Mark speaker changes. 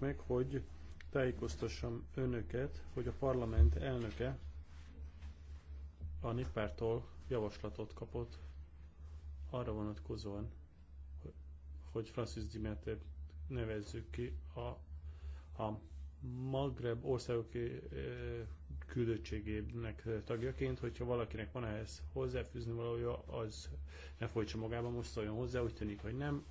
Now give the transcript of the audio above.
Speaker 1: meg, hogy tájékoztassam önöket, hogy a parlament elnöke a néppártól javaslatot kapott arra vonatkozóan, hogy Francis Dimetert nevezzük ki a, a Magreb országok eh, küldöttségének tagjaként, hogyha valakinek van ehhez hozzáfűzni valója, az ne folytsa magában,
Speaker 2: most szóljon hozzá, úgy tűnik, hogy nem.